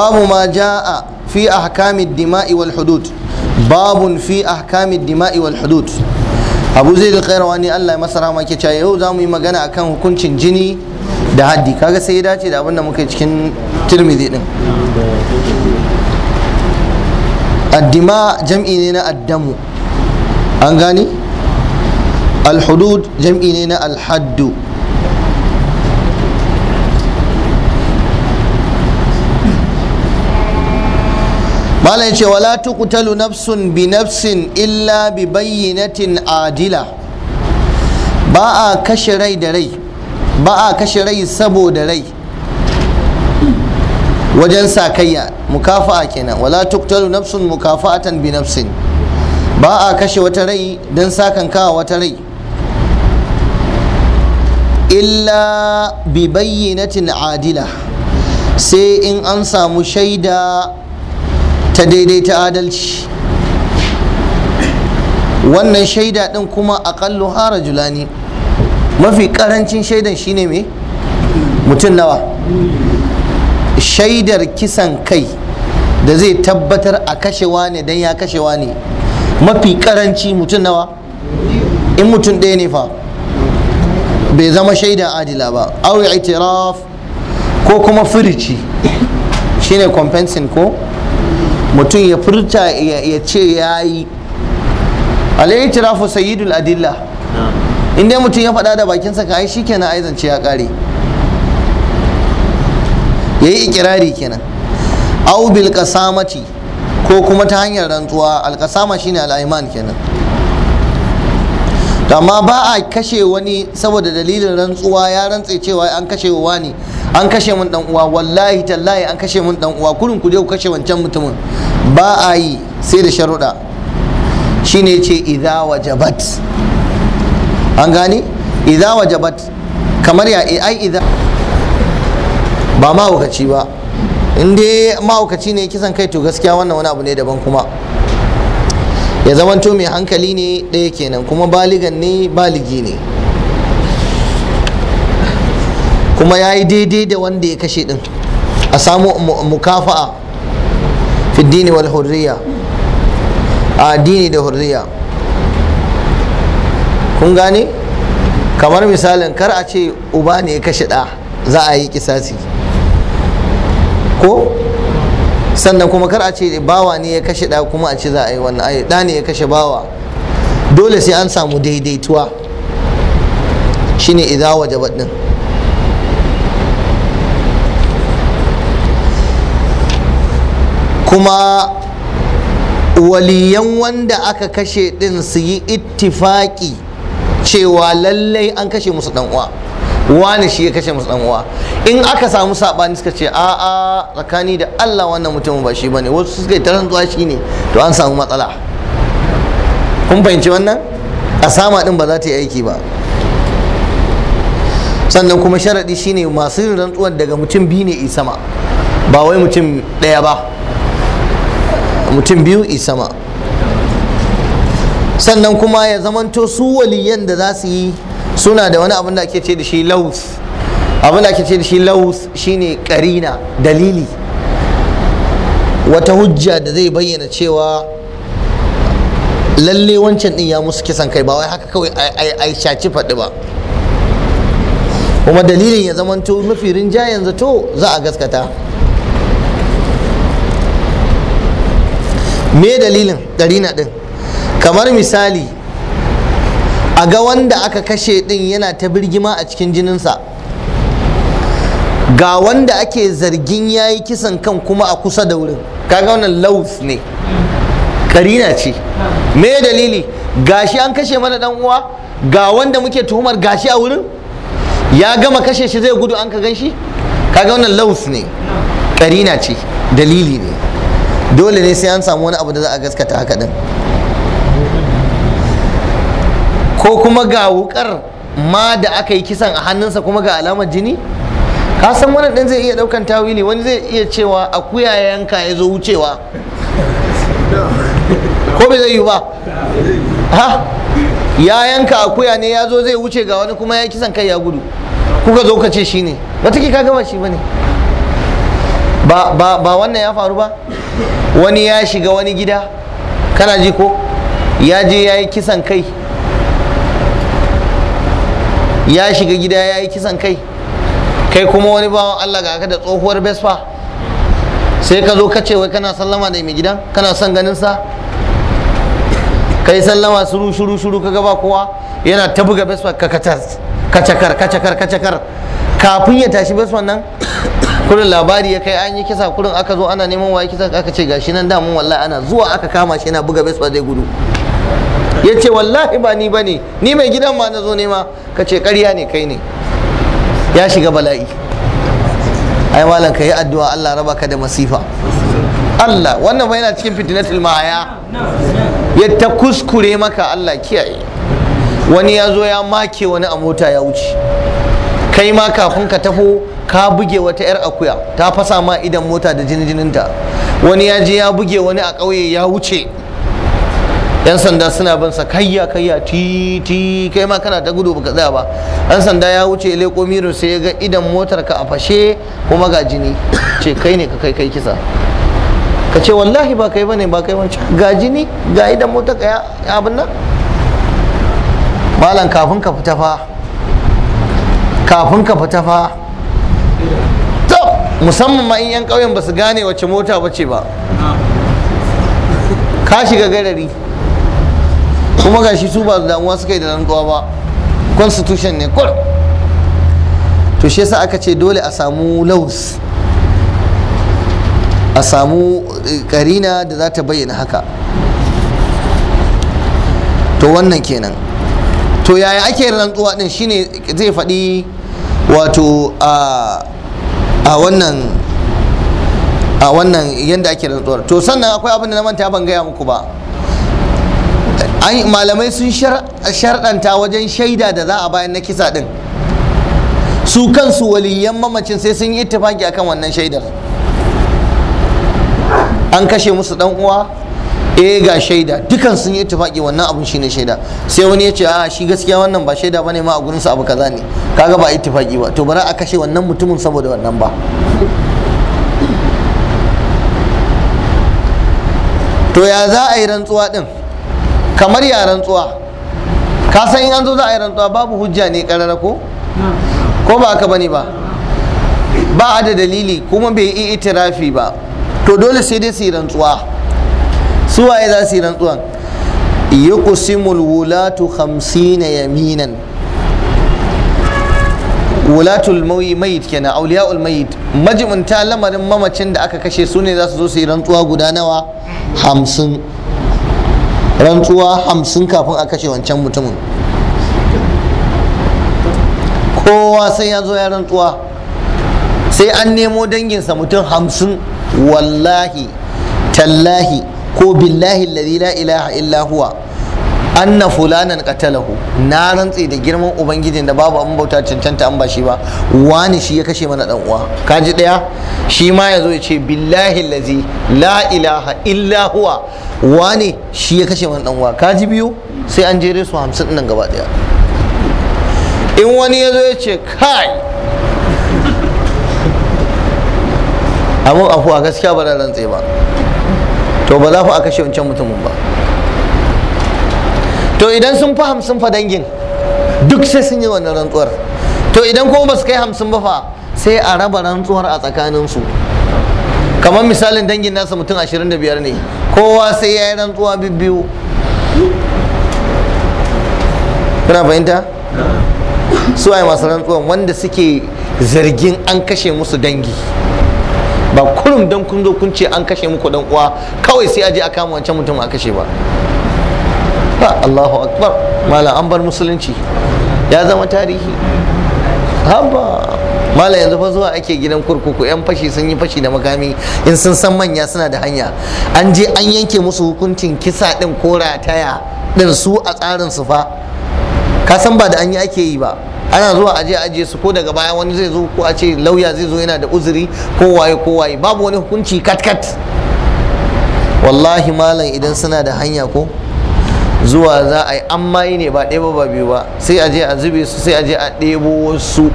babu ma a fi ahkamid dima'i wal hudud babun fi ahkamid dima'i wal hudud abu zai da kairawa ne allah ya masara rama ke cewa yau za mu yi magana akan hukuncin jini da haddi kaga sai ya dace da abin da muka yi cikin tirmidhi din addima jam'i ne na addamu an gani alhudud jam'i ne na alhaddu malam ya ce wala tuqtalu nafsun bi nafsin illa bi bayyinatin adila ba a kashe rai da rai ba a kashe rai saboda rai wajen sakayya mukafa'a kenan wala tuqtalu nafsun mukafa'atan bi nafsin ba a kashe wata rai don sakan kawa wata rai illa bi bayyinatin adila sai in an samu shaida ta daidai ta adalci wannan shaida din kuma aƙallu hara julani mafi ƙarancin shaidan shine mai mutum nawa shaidar kisan kai da zai tabbatar a kashewa ne don ya kashewa ne mafi ƙaranci mutum nawa in mutum ɗaya ne fa bai zama shaidan adila ba awi itiraf ko kuma firici shine compensin ko mutum ya furta ya ce ya yi alayi tirafu sayyidul adilla inda mutum ya faɗa da bakinsa ka yi shi kenan aizance ya kare. ya yi ikirari kenan au bil kasamati ko kuma ta hanyar rantsuwa alkasama shine al'aiman kenan amma ba a kashe wani saboda dalilin rantsuwa ya rantse cewa an kashe wa ne an kashe mun dan uwa wallahi tallahi an kashe mun dan uwa kurin ku je ku kashe wancan mutumin ba a yi sai da sharuɗa shine ce idza wajabat an gane idza wajabat kamar ya eh, ai idza ba mahaukaci ba in dai mahaukaci ne kisan kai to gaskiya wannan wani abu ne daban kuma ya zamanto mai hankali ne ɗaya kenan kuma baligan ne baligi ne kuma ya yi daidai da wanda ya kashe din a samu mukafa'a fi dini wal hurriya a dini da hurriya kun gane kamar misalin kar a ce uba ne ya kashe ɗa za a yi kisasi ko sannan kuma kar a ce bawa ne ya kashe ɗa kuma a ce za a yi wannan ayi ɗa ne ya kashe bawa dole sai an samu daidaituwa shine idawa wajabat din kuma waliyan wanda aka kashe din su yi ittifaki cewa lallai an kashe musu dan uwa wani shi ya kashe musu dan uwa in aka samu sabani suka ce a a tsakani da Allah wannan mutumin ba shi bane wasu suka yi taran zuwa shi ne to an samu matsala kun fahimci wannan A sama din ba za ta yi aiki ba sannan kuma Sharaɗi shine masu yin rantsuwar daga mutum biyu ne isama ba wai mutum ɗaya ba mutum biyu isama sannan kuma ya zamanto su waliyan da za su yi suna da wani abin da ake ce da shi laus abin da ake ce da shi laus shine karina dalili wata hujja da zai bayyana cewa lalle wancan din ya musu kisan kai ba wai haka kawai ai shaci faɗi ba kuma dalilin ya zamanto mafi rinjayen zato za a gaskata me dalilin na din kamar misali a ga wanda aka kashe din yana ta birgima a cikin jininsa ga wanda ake zargin ya yi kisan kan kuma a kusa da wurin kaga wannan laus ne ƙarina ce me dalili gashi an kashe mana dan uwa ga wanda muke tuhumar gashi a wurin ya gama kashe shi zai gudu an ka gan shi kaga wannan laus ne ƙarina ce dalili ne dole ne sai an samu wani abu da za a gaskata haka din ko kuma ga wukar ma da aka yi kisan a hannunsa kuma ga alamar jini ka san wannan din zai iya daukan tawili wani zai iya cewa akuya yanka ya zo wucewa ko bai zai yi ba ha ya yanka akuya ne ya zo zai wuce ga wani kuma ya kisan kai ya gudu kuka zo ka ce shi ne wata ka gama shi ba ne ba wannan ya faru ba wani ya shiga wani gida kana ji ko ya je ya yi kisan kai ya shiga gida ya yi kisan kai kai kuma wani bawan Allah ga aka da tsohuwar besfa sai ka zo ka ce wai kana sallama da mai gidan kana son ganin sa kai sallama shuru shuru shuru ka gaba kowa yana ta buga besfa ka kacakar kacakar kacakar kafin ya tashi besfan nan kurin labari ya kai an yi kisa kurin aka zo ana neman wa kisa aka ce gashi nan damun wallahi ana zuwa aka kama shi yana buga baseball zai gudu ya ce wallahi ba ni ba ne ni mai gidan ma na zo nema ka ce karya ne kai ne ya shiga bala'i ai malam ka yi addu'a Allah raba ka da masifa Allah wannan ba yana cikin fitnatul mahaya ya ta kuskure maka Allah kiyaye wani ya zo ya make wani a mota ya wuce kai ma kafin ka taho ka buge wata 'yar akuya ta fasa ma idan mota da jinjininta jininta wani ya je ya buge wani a ƙauye ya wuce 'yan sanda suna bin sa kayya kayya ti ti kai ma kana ta gudu baka tsaya ba 'yan sanda ya wuce leko miro sai ya ga idan motar ka a fashe kuma ga jini ce kai ne ka kai kai kisa ka ce wallahi ba kai bane ba kai wancan ga jini ga idan motar ka ya abin nan malam kafin ka fita fa kafin ka fita fa musamman ma in yan ƙauyen ba su gane wace mota bace ba ka shiga garari kuma gashi su ba damuwa suka yi da rantsuwa ba constitution ne kur to shi yasa aka ce dole a samu Laus. a samu eh, karina da za ta bayyana haka to wannan kenan to yaya ake rantsuwa din shine zai faɗi wato a ah, a wannan a wannan yadda ake rantsuwar to sannan akwai abin da na manta ban gaya muku ba malamai sun sharɗanta wajen shaida da za a bayan na kisa ɗin su kansu waliyan mamacin sai sun yi ittifaki akan wannan shaidar an kashe musu ɗan uwa E ga shaida dukan sun yi tufaƙi wannan abun shine shaida sai wani ya ce a shi gaskiya wannan ba shaida bane ma a gurin sa abu kaza ne kaga ba ittifaki ba to bari a kashe wannan mutumin saboda wannan ba to ya za a yi rantsuwa din kamar ya rantsuwa ka san in an zo za a yi rantsuwa babu hujja ne karara ko ko ba haka bane ba ba a da dalili kuma bai yi itirafi ba to dole sai dai su yi rantsuwa su waye za su yi rantsuwan yuqsimul wulatu 50 yaminan wulatul mayit kenan auliyaul mayit majimunta lamarin mamacin da aka kashe su ne za su zo su yi rantsuwa guda nawa hamsin rantsuwa hamsin kafin a kashe wancan mutumin kowa sai ya zo ya rantsuwa sai an nemo danginsa mutum hamsin wallahi tallahi ko billahi alladhi la ilaha illa huwa anna fulanan qatalahu na rantse da girman ubangijin da babu an bauta cancanta an ba shi ba wani shi ya kashe mana dan uwa kaji daya shi ma yazo ya ce billahi allazi la ilaha illa huwa wani shi ya kashe mana dan uwa kaji biyu sai an jere su 50 nan gaba daya in wani ya zo ya ce kai abun afuwa gaskiya ba rantse ba to ba za ku a kashe wancan mutumin ba to idan sun fi hamsin fa dangin duk sai sun yi wannan rantsuwar to idan kuma ba su kai hamsin ba fa sai a raba rantsuwar a tsakaninsu kamar misalin dangin nasa mutum 25 ne kowa sai ya yi rantsuwa biyu kuna fahimta su ai masu rantsuwan wanda suke zargin an kashe musu dangi ba kurum don kun zo kun ce an kashe muku dan uwa kawai sai aje a kama wancan mutum a kashe ba ba Allahu akbar malam an bar musulunci ya zama tarihi haba malam yanzu fa zuwa ake gidan kurkuku yan fashi sun yi fashi da makami in sun san manya suna da hanya an je an yanke musu hukuncin kisa din ko rataya din su a tsarin su fa ka san ba da an yi ake yi ba ana zuwa aje aje su ko daga baya wani zai zo ko a ce lauya zai zo yana da uzuri ko waye ko waye babu wani hukunci katkat wallahi malam idan suna da hanya ko zuwa za a yi an mai ne ba ɗaya ba biyu ba sai a je a zube su sai a je a ɗebo su.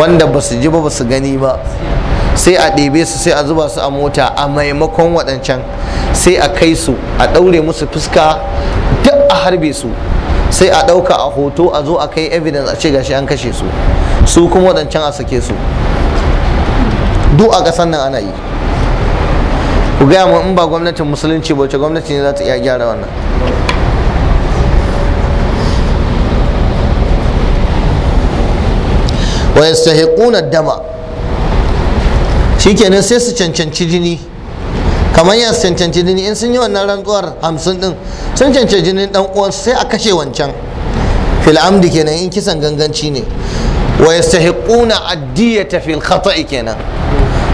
wanda ba su ji ba ba su gani ba sai a ɗebe su sai a zuba su a mota a maimakon waɗancan sai a kai su a ɗaure musu fuska duk a harbe su sai a ɗauka a hoto a zo a kai evidence a ce gashi an kashe su su kuma waɗancan a sake su duk a ƙasar nan ana yi ku gaya mu in ba gwamnatin musulunci ba wace gwamnati ne za ta iya gyara wannan wa yastahiquna dama shikenan sai su cancanci jini kamar ya cancanci jini in sun yi wannan rantsuwar hamsin din sun cancanci jinin dan uwan sai a kashe wancan fil amdi kenan in kisan ganganci ne wa yastahiquna addiyata fil khata'i kenan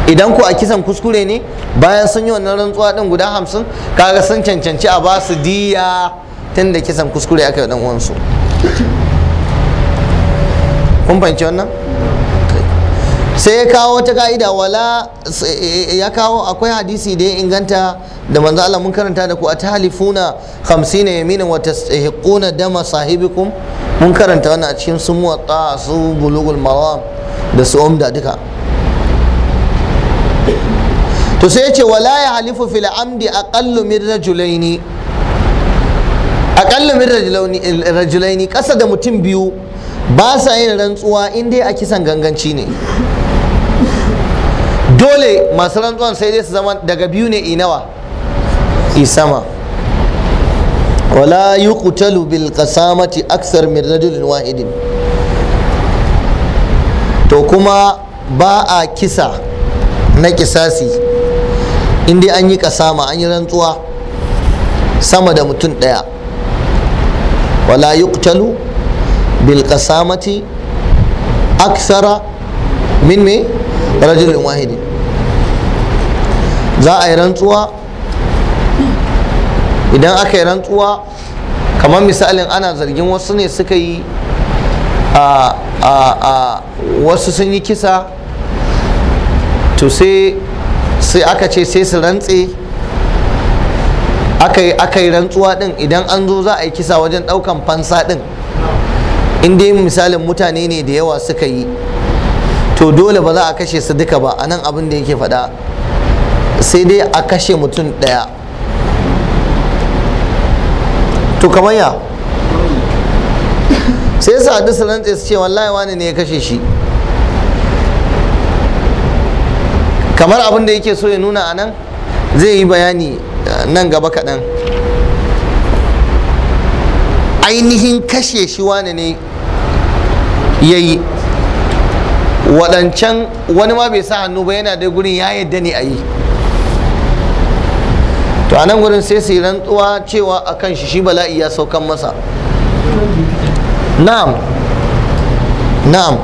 idan ku a kisan kuskure ne bayan sun yi wannan rantsuwa din guda hamsin kaga sun cancanci a basu diya tun da kisan kuskure aka yi dan uwansu kun fahimci wannan sai ya kawo ta ka'ida wala eh, ya kawo akwai hadisi da ya inganta da manzo Allah mun karanta da ku a talifuna 50 yaminan wa tastahiquna dama sahibikum mun karanta wannan a cikin sun muwatta su bulugul maram da su umda duka to sai ya ce wala ya halifu fil amdi aqallu min rajulaini aqallu min rajulaini kasa da mutum biyu ba sa yin rantsuwa in dai a kisan ganganci ne dole masu rantsuwan sai dai su zama daga biyu ne inawa isama wala yuqtalu bil qasamati aksar min rajulin wahidin to kuma ba a kisa na kisasi in dai an yi kasama an yi rantsuwa sama da mutum ɗaya wala yuqtalu bilkasamati aksara min me rajulin wahidi za a yi rantsuwa idan aka yi rantsuwa kamar misalin ana zargin wasu ne suka yi a a wasu sun yi kisa to sai aka ce sai su rantse aka yi rantsuwa din idan an zo za a yi kisa wajen daukan fansa din in dai misalin mutane ne da yawa suka yi to dole ba za a kashe su duka ba a nan abin da yake faɗa sai dai a kashe mutum ɗaya to kamar ya sai sa hadu su rantse su ce wallahi wani ne ya kashe shi kamar abin da yake so ya nuna a nan zai yi bayani eh, nan gaba kaɗan ainihin kashe shi wane ne ya yi waɗancan wani ma bai sa hannu ba yana da gurin ya yadda ne a yi to a nan gurin sai su yi rantsuwa cewa a kan shi shi bala'i ya saukan masa na'am na'am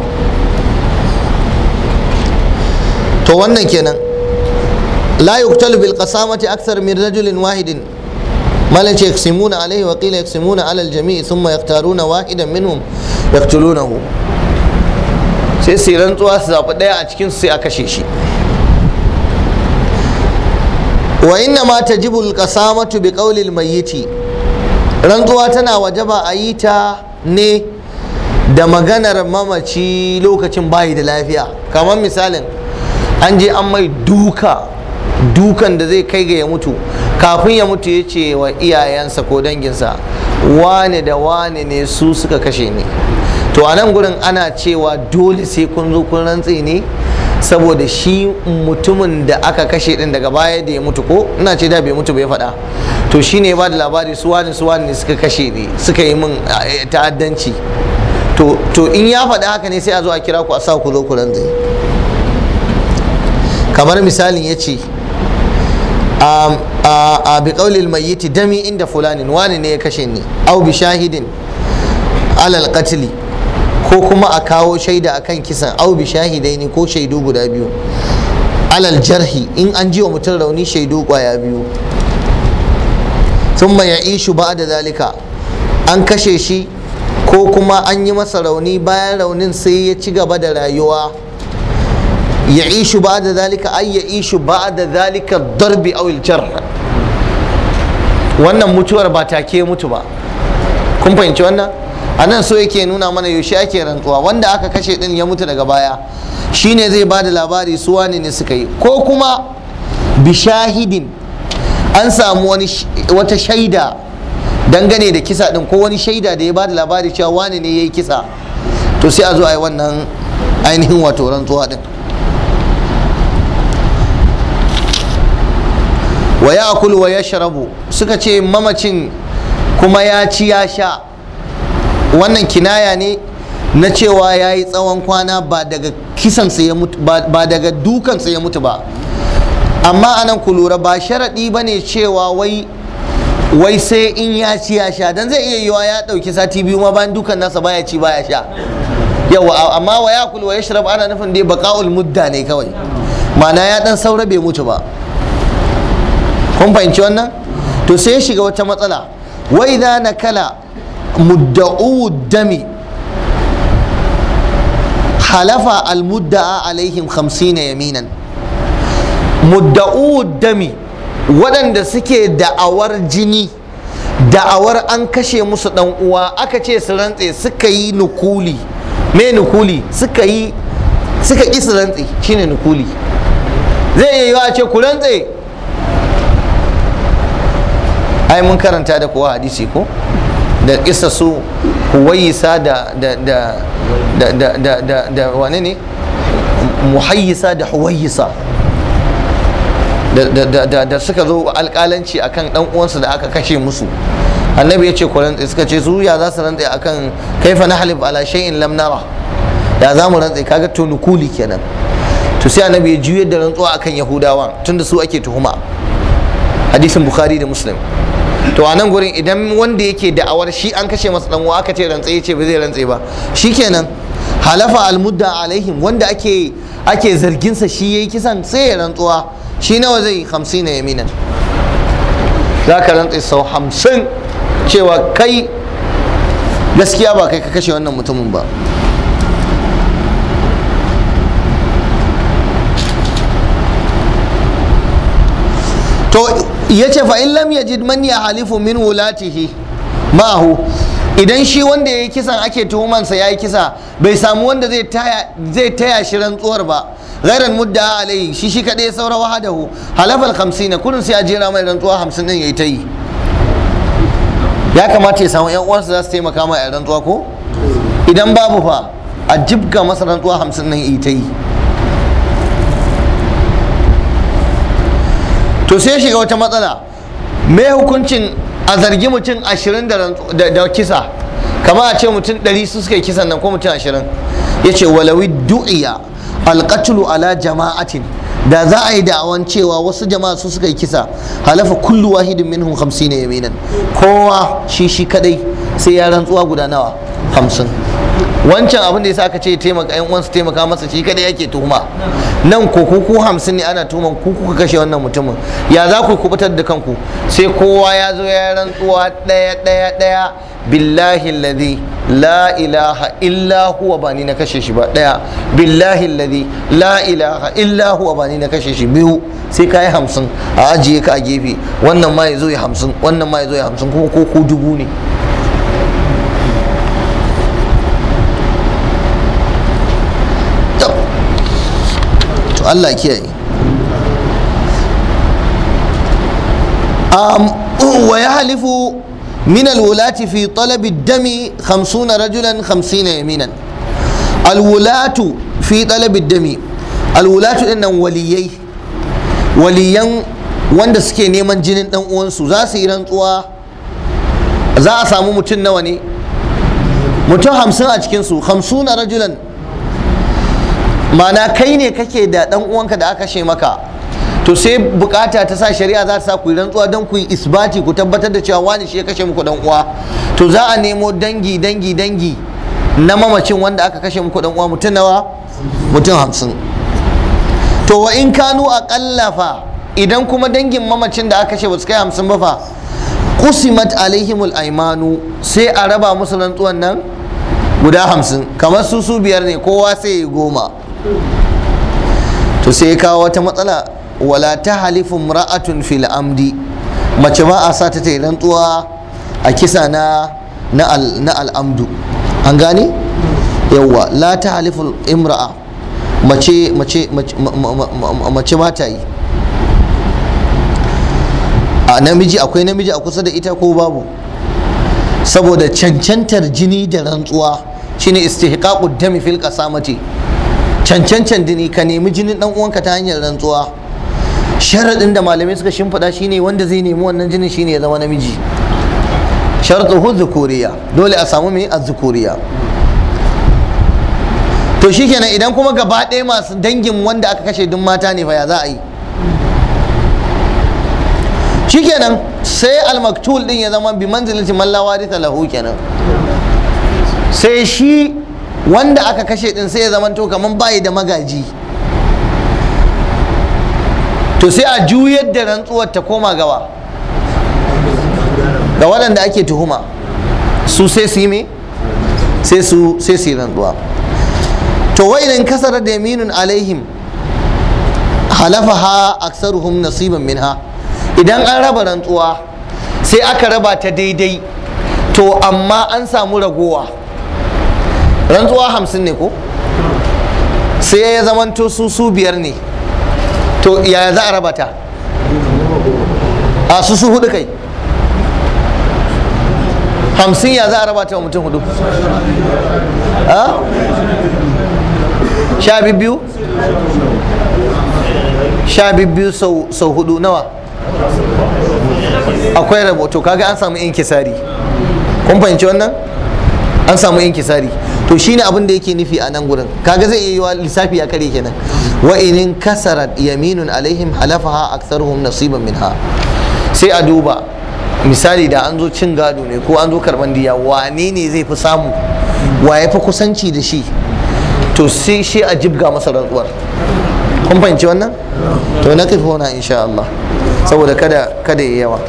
to wannan kenan la yuqtalu bil qasamati akthar min rajulin wahidin malan ce yaksimuna alaihi wa qila yaksimuna alal jami'i thumma yaqtaruna wahidan minhum yaqtulunahu sai su yi rantsuwa su zafi ɗaya a cikin sai a kashe shi wa inna ma tajibul qasamatu bi qawlil mayyiti rantsuwa tana wajaba a yi ta ne da maganar mamaci lokacin bayi da lafiya kamar misalin an je an mai duka dukan da zai kai ga ya mutu kafin ya mutu ya ce wa iyayensa ko danginsa wane da wane ne su suka kashe ni to a nan gurin ana cewa dole sai kun zo kun rantsi ne saboda shi mutumin da aka kashe din daga baya da ya mutu ko ina ce da bai mutu bai faɗa to shi ne ba da labari su wani su wani suka kashe ne suka yi min eh, ta'addanci to in ya faɗa haka ne sai a zo a kira ku a sa ku zo ku rantsi kamar misalin ya ce a bi ƙaulil mayyiti dami inda fulani wani ne ya kashe ni au bi shahidin alal qatli ko kuma a kawo shaida akan kisan au bi shahidaini ko shaidu guda biyu alal jarhi in an ji wa mutum rauni shaidu kwaya biyu thumma ba da zalika an kashe shi ko kuma an yi masa rauni bayan raunin sai ya ci gaba da rayuwa ya ishu ba da zalika ai ya ishu ba da zalika darbi awil jar wannan mutuwar ba take mutu ba kun fahimci wannan a nan so yake nuna mana yaushe ake rantsuwa wanda aka kashe din ya mutu daga baya shine zai ba da labari su wane ne suka yi ko kuma bishahidin an samu wata shaida dangane da kisa din ko wani shaida da ya ba da labari cewa wane ne ya yi kisa to sai a zo a yi wannan ainihin wato rantsuwa din wa ya wa ya sharabu suka ce mamacin kuma ya ci ya sha wannan kinaya ne na cewa ya yi tsawon kwana ba daga kisansa ya mutu ba daga ya mutu ba amma anan ku lura ba sharaɗi ba ne cewa wai wai sai in ya ci ya sha dan zai iya yiwa ya ɗauki sati biyu ma bayan dukan nasa baya ci baya sha yawa amma wa ya kulwa ya shirab ana nufin dai baƙa'ul mudda ne kawai ma'ana ya ɗan saura bai mutu ba kun fahimci wannan to sai ya shiga wata matsala wai na kala mudda'u halafa almudda'a alaihim hamsina yaminan mudda'udami waɗanda suke da'awar jini da'awar an kashe musu dan uwa aka ce su rantse suka yi nukuli me nukuli suka yi suka ƙi su rantse shine nukuli zai iya yiwa ce ku rantse ai mun karanta da kowa hadisi ko da kisa su huwaisa da da da da da da da wane ne da da suka zo alkalanci akan dan uwansu da aka kashe musu annabi ya ce ku rantse suka ce su ya za su rantse akan kaifa halif ala shay'in lam nara Ya za mu rantsa kaga to nukuli kenan to sai annabi ya juyar da rantsuwa akan yahudawa tunda su ake tuhuma hadisin bukhari da muslim to a nan gurin idan wanda yake da'awar shi an kashe masa dan aka ce rantse ya ce ba zai rantse ba shikenan halafa almudda alaihim wanda ake ake zargin sa shi yayi kisan sai ya rantsuwa shi nawa zai 50 na yaminan zaka rantse sau 50 cewa kai gaskiya ba kai ka kashe wannan mutumin ba to yace fa in lam yajid man halifu min wulatihi ma'ahu idan shi wanda ya yi kisan ake tuhumansa ya yi kisa bai samu wanda zai taya shi rantsuwar ba gairan mudda alai shi shi kaɗai ya saura wahadahu halafal hamsina, kurin sai a jera mai rantsuwa hamsin din ya yi ta yi ya kamata ya samu yan uwansa za su taimaka mai rantsuwa ko idan babu fa a jibga masa rantsuwa hamsin din ya yi ta yi to sai shiga wata matsala me hukuncin a zargi mutum ashirin da kisa kama a ce mutum ɗari su suka yi kisan nan ko mutum ashirin ya ce walawi du'iya alƙatulu ala jama'atin da za a yi da'awan cewa wasu jama'a su suka yi kisa halafa kullu wahidin minhum hamsin yaminan kowa shi shi kadai sai ya rantsuwa guda nawa hamsin wancan abin da yasa aka ce taimaka yan uwansu taimaka masa shi kada yake tuhuma nan ko ku ku hamsin ne ana tuhuman ku kuka kashe wannan mutumin ya za ku kubutar da kanku sai kowa ya zo ya rantsuwa ɗaya ɗaya ɗaya billahi ladhi la ilaha illa huwa ba ni na kashe shi ba ɗaya billahi ladhi la ilaha illa huwa ba ni na kashe shi biyu sai ka yi hamsin a ajiye ka a gefe wannan ma ya zo ya hamsin wannan ma ya zo ya hamsin kuma ko ku dubu ne Allah kiyaye wa ya halifu min alwulati fi talabi dami 50 rajulan 50 yaminan alwulatu fi talabi dami alwulatu din nan waliyai waliyan wanda suke neman jinin dan uwansu za su yi rantsuwa za a samu mutum nawa ne mutum hamsin a cikinsu hamsuna rajulan ma'ana kai ne kake da dan uwanka da aka she maka to sai bukata ta sa shari'a za ta sa ku yi rantsuwa don ku yi isbati ku tabbatar da cewa wani shi ya kashe muku dan uwa to za a nemo dangi dangi dangi na mamacin wanda aka kashe muku dan uwa mutum nawa mutum hamsin to wa in kanu a fa idan kuma dangin mamacin da aka kashe ba su kai hamsin ba fa qusimat alaihimul aimanu sai a raba musu rantsuwan nan guda hamsin kamar su su biyar ne kowa sai ya goma to sai ya kawo wata matsala wala ta halifu ra'atun fil amdi mace ba a sa ta ta rantsuwa a kisa na na al'amdu an gane yawwa la ta halifu imra'a mace mace mace ba ta yi a namiji akwai namiji a kusa da ita ko babu saboda cancantar jini da rantsuwa shine istihqaqud dami fil qasamati cancancan jini ka nemi jinin dan uwanka ta hanyar rantsuwa sharadin da malamai suka shimfiɗa shine wanda zai nemi wannan jinin shine ya zama namiji sharɗuhu zukuriya dole a samu mai azzukuriya to shikenan idan kuma gaba ɗaya masu dangin wanda aka kashe duk mata ne fa ya za a yi shikenan sai almaktul din ya zama bi manzilati mallawa da waritha lahu kenan sai shi wanda aka kashe din sai ya zamanto kamar bayi da magaji to sai a juyar da rantsuwar ta koma gawa ga waɗanda ake tuhuma su sai su yi me sai su sai su yi rantsuwa to wa idan kasara da yaminun alaihim halafaha aksaruhum nasiban minha idan an raba rantsuwa sai aka raba ta daidai to amma an samu ragowa rantsuwa hamsin ne ko sai ya zamanto su su biyar ne to yaya za a raba ta a su su hudu kai hamsin ya za a raba ta wa mutum hudu a sha biyu sha biyu sau hudu nawa akwai rabo to kaga an samu inkisari kun fahimci wannan an samu inkisari to shine abin da yake nufi a nan gurin kaga zai iya yiwa lissafi ya kare kenan wa inin kasarat yaminun alaihim halafaha aktsaruhum nasiban minha sai a duba misali da an zo cin gado ne ko an zo karban diya wane ne zai fi samu wa ya fi kusanci da shi to sai shi a jibga masa rantsuwar kun fahimci wannan to na tafi wana insha Allah saboda kada kada yayi yawa